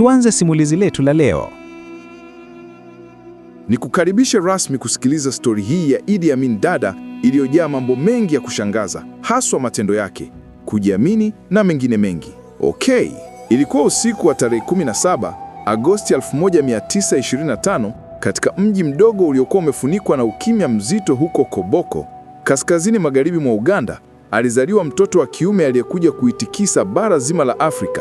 Tuanze simulizi letu la leo. Nikukaribishe rasmi kusikiliza stori hii ya Idi Amin Dada iliyojaa mambo mengi ya kushangaza, haswa matendo yake, kujiamini na mengine mengi. Okay, ilikuwa usiku wa tarehe 17 Agosti 1925 katika mji mdogo uliokuwa umefunikwa na ukimya mzito huko Koboko, kaskazini magharibi mwa Uganda, alizaliwa mtoto wa kiume aliyekuja kuitikisa bara zima la Afrika.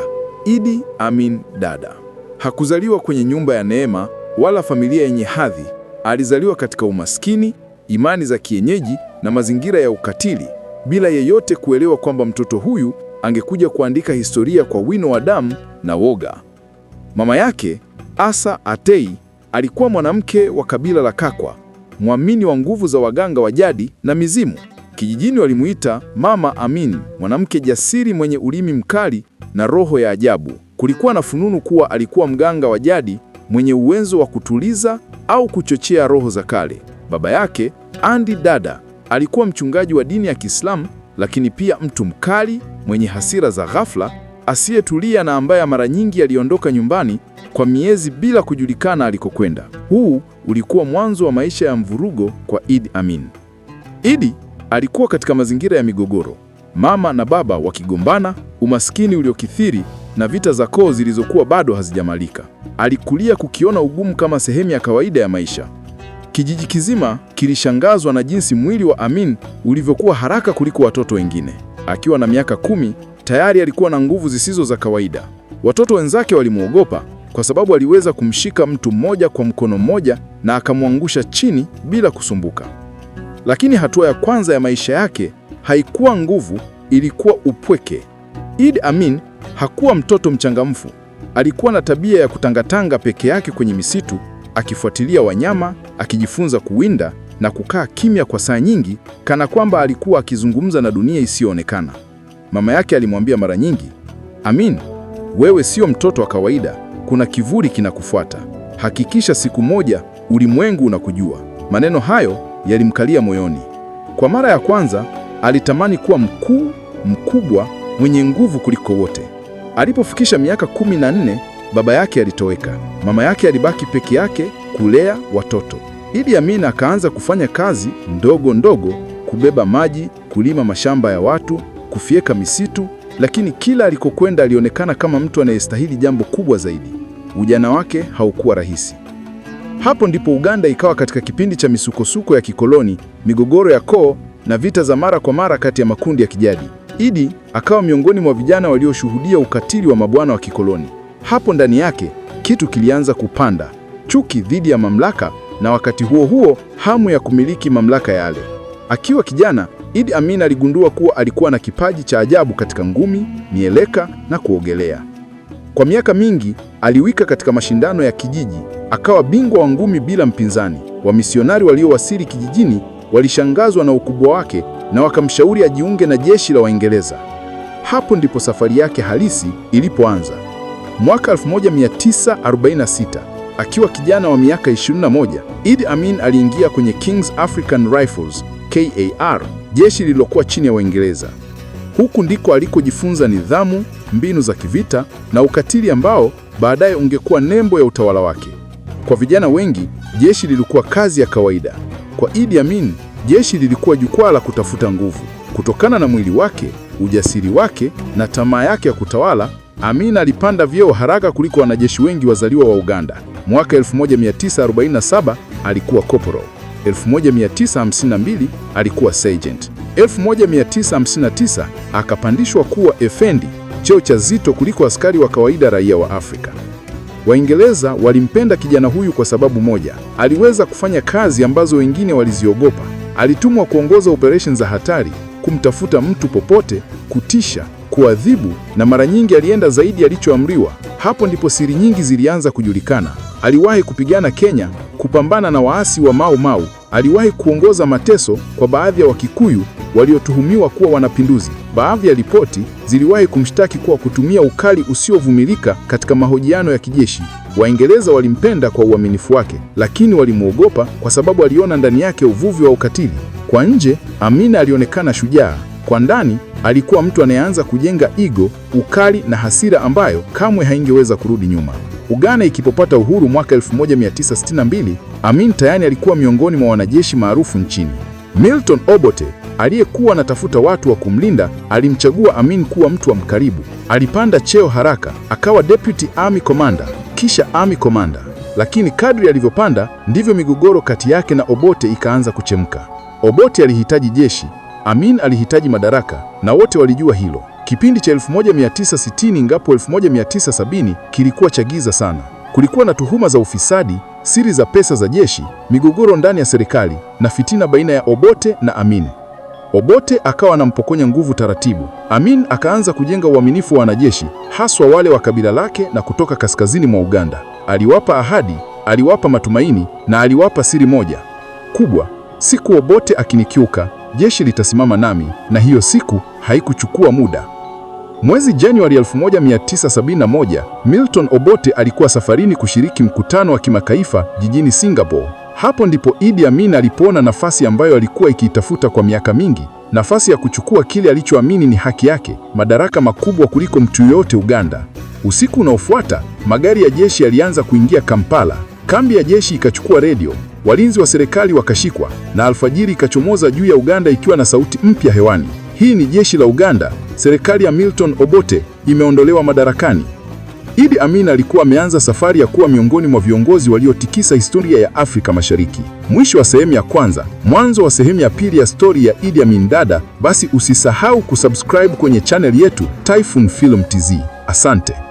Idi Amin Dada hakuzaliwa kwenye nyumba ya neema wala familia yenye hadhi. Alizaliwa katika umaskini, imani za kienyeji na mazingira ya ukatili, bila yeyote kuelewa kwamba mtoto huyu angekuja kuandika historia kwa wino wa damu na woga. Mama yake Asa Atei alikuwa mwanamke wa kabila la Kakwa, mwamini wa nguvu za waganga wa jadi na mizimu. Kijijini walimuita Mama Amin, mwanamke jasiri mwenye ulimi mkali na roho ya ajabu. Kulikuwa na fununu kuwa alikuwa mganga wa jadi mwenye uwezo wa kutuliza au kuchochea roho za kale. Baba yake Andi Dada alikuwa mchungaji wa dini ya Kiislamu, lakini pia mtu mkali mwenye hasira za ghafla, asiyetulia na ambaye mara nyingi aliondoka nyumbani kwa miezi bila kujulikana alikokwenda. Huu ulikuwa mwanzo wa maisha ya mvurugo kwa Idi Amin. Idi Alikuwa katika mazingira ya migogoro, mama na baba wakigombana, umaskini uliokithiri na vita za koo zilizokuwa bado hazijamalika. Alikulia kukiona ugumu kama sehemu ya kawaida ya maisha. Kijiji kizima kilishangazwa na jinsi mwili wa Amin ulivyokuwa haraka kuliko watoto wengine. Akiwa na miaka kumi, tayari alikuwa na nguvu zisizo za kawaida. Watoto wenzake walimwogopa kwa sababu aliweza kumshika mtu mmoja kwa mkono mmoja na akamwangusha chini bila kusumbuka. Lakini hatua ya kwanza ya maisha yake haikuwa nguvu, ilikuwa upweke. Idi Amin hakuwa mtoto mchangamfu. Alikuwa na tabia ya kutangatanga peke yake kwenye misitu, akifuatilia wanyama, akijifunza kuwinda na kukaa kimya kwa saa nyingi, kana kwamba alikuwa akizungumza na dunia isiyoonekana. Mama yake alimwambia mara nyingi, Amin, wewe sio mtoto wa kawaida, kuna kivuli kinakufuata. Hakikisha siku moja ulimwengu unakujua. Maneno hayo yalimkalia moyoni. Kwa mara ya kwanza alitamani kuwa mkuu, mkubwa, mwenye nguvu kuliko wote. Alipofikisha miaka kumi na nne, baba yake alitoweka. Mama yake alibaki peke yake kulea watoto. Idi Amin akaanza kufanya kazi ndogo ndogo, kubeba maji, kulima mashamba ya watu, kufyeka misitu, lakini kila alikokwenda alionekana kama mtu anayestahili jambo kubwa zaidi. Ujana wake haukuwa rahisi. Hapo ndipo Uganda ikawa katika kipindi cha misukosuko ya kikoloni, migogoro ya koo na vita za mara kwa mara kati ya makundi ya kijadi. Idi akawa miongoni mwa vijana walioshuhudia ukatili wa mabwana wa kikoloni. Hapo ndani yake kitu kilianza kupanda, chuki dhidi ya mamlaka na wakati huo huo hamu ya kumiliki mamlaka yale. Akiwa kijana, Idi Amin aligundua kuwa alikuwa na kipaji cha ajabu katika ngumi, mieleka na kuogelea. Kwa miaka mingi aliwika katika mashindano ya kijiji, akawa bingwa wa ngumi bila mpinzani. Wamisionari waliowasili kijijini walishangazwa na ukubwa wake na wakamshauri ajiunge na jeshi la Waingereza. Hapo ndipo safari yake halisi ilipoanza. Mwaka 1946 akiwa kijana wa miaka 21, Idi Amin aliingia kwenye King's African Rifles KAR, jeshi lililokuwa chini ya Waingereza. Huku ndiko alikojifunza nidhamu, mbinu za kivita na ukatili ambao baadaye ungekuwa nembo ya utawala wake. Kwa vijana wengi, jeshi lilikuwa kazi ya kawaida. Kwa Idi Amin, jeshi lilikuwa jukwaa la kutafuta nguvu. Kutokana na mwili wake, ujasiri wake na tamaa yake ya kutawala, Amin alipanda vyeo haraka kuliko wanajeshi wengi wazaliwa wa Uganda. Mwaka 1947 alikuwa koporo, 1952 alikuwa sergeant, 1959 akapandishwa kuwa efendi cheo cha zito kuliko askari wa kawaida raia wa Afrika. Waingereza walimpenda kijana huyu kwa sababu moja, aliweza kufanya kazi ambazo wengine waliziogopa. Alitumwa kuongoza operesheni za hatari, kumtafuta mtu popote, kutisha, kuadhibu na mara nyingi alienda zaidi alichoamriwa. Hapo ndipo siri nyingi zilianza kujulikana. Aliwahi kupigana Kenya, kupambana na waasi wa Mau Mau. Aliwahi kuongoza mateso kwa baadhi ya Wakikuyu waliotuhumiwa kuwa wanapinduzi. Baadhi ya ripoti ziliwahi kumshtaki kuwa kutumia ukali usiovumilika katika mahojiano ya kijeshi. Waingereza walimpenda kwa uaminifu wake, lakini walimwogopa kwa sababu aliona ndani yake uvuvi wa ukatili. Kwa nje, Amina alionekana shujaa, kwa ndani alikuwa mtu anayeanza kujenga ego, ukali na hasira ambayo kamwe haingeweza kurudi nyuma. Uganda ikipopata uhuru mwaka 1962, Amin Tayani alikuwa miongoni mwa wanajeshi maarufu nchini. Milton Obote Aliyekuwa anatafuta watu wa kumlinda alimchagua Amin kuwa mtu wa mkaribu. Alipanda cheo haraka, akawa deputy army commander, kisha army commander. Lakini kadri alivyopanda ndivyo migogoro kati yake na Obote ikaanza kuchemka. Obote alihitaji jeshi, Amin alihitaji madaraka, na wote walijua hilo. Kipindi cha 1960 ngapo 1970 kilikuwa cha giza sana. Kulikuwa na tuhuma za ufisadi, siri za pesa za jeshi, migogoro ndani ya serikali na fitina baina ya Obote na Amin. Obote akawa anampokonya nguvu taratibu. Amin akaanza kujenga uaminifu wa wanajeshi, haswa wale wa kabila lake na kutoka kaskazini mwa Uganda. Aliwapa ahadi, aliwapa matumaini na aliwapa siri moja kubwa: siku Obote akinikiuka, jeshi litasimama nami, na hiyo siku haikuchukua muda. Mwezi Januari 1971, Milton Obote alikuwa safarini kushiriki mkutano wa kimataifa jijini Singapore. Hapo ndipo Idi Amin alipoona nafasi ambayo alikuwa ikiitafuta kwa miaka mingi, nafasi ya kuchukua kile alichoamini ni haki yake, madaraka makubwa kuliko mtu yoyote Uganda. Usiku unaofuata magari ya jeshi yalianza kuingia Kampala. Kambi ya jeshi ikachukua redio, walinzi wa serikali wakashikwa, na alfajiri ikachomoza juu ya Uganda ikiwa na sauti mpya hewani. Hii ni jeshi la Uganda, serikali ya Milton Obote imeondolewa madarakani. Idi Amin alikuwa ameanza safari ya kuwa miongoni mwa viongozi waliotikisa historia ya Afrika Mashariki. Mwisho wa sehemu ya kwanza, mwanzo wa sehemu ya pili ya stori ya Idi Amin Dada. Basi usisahau kusubscribe kwenye chaneli yetu Typhoon Film TZ. Asante.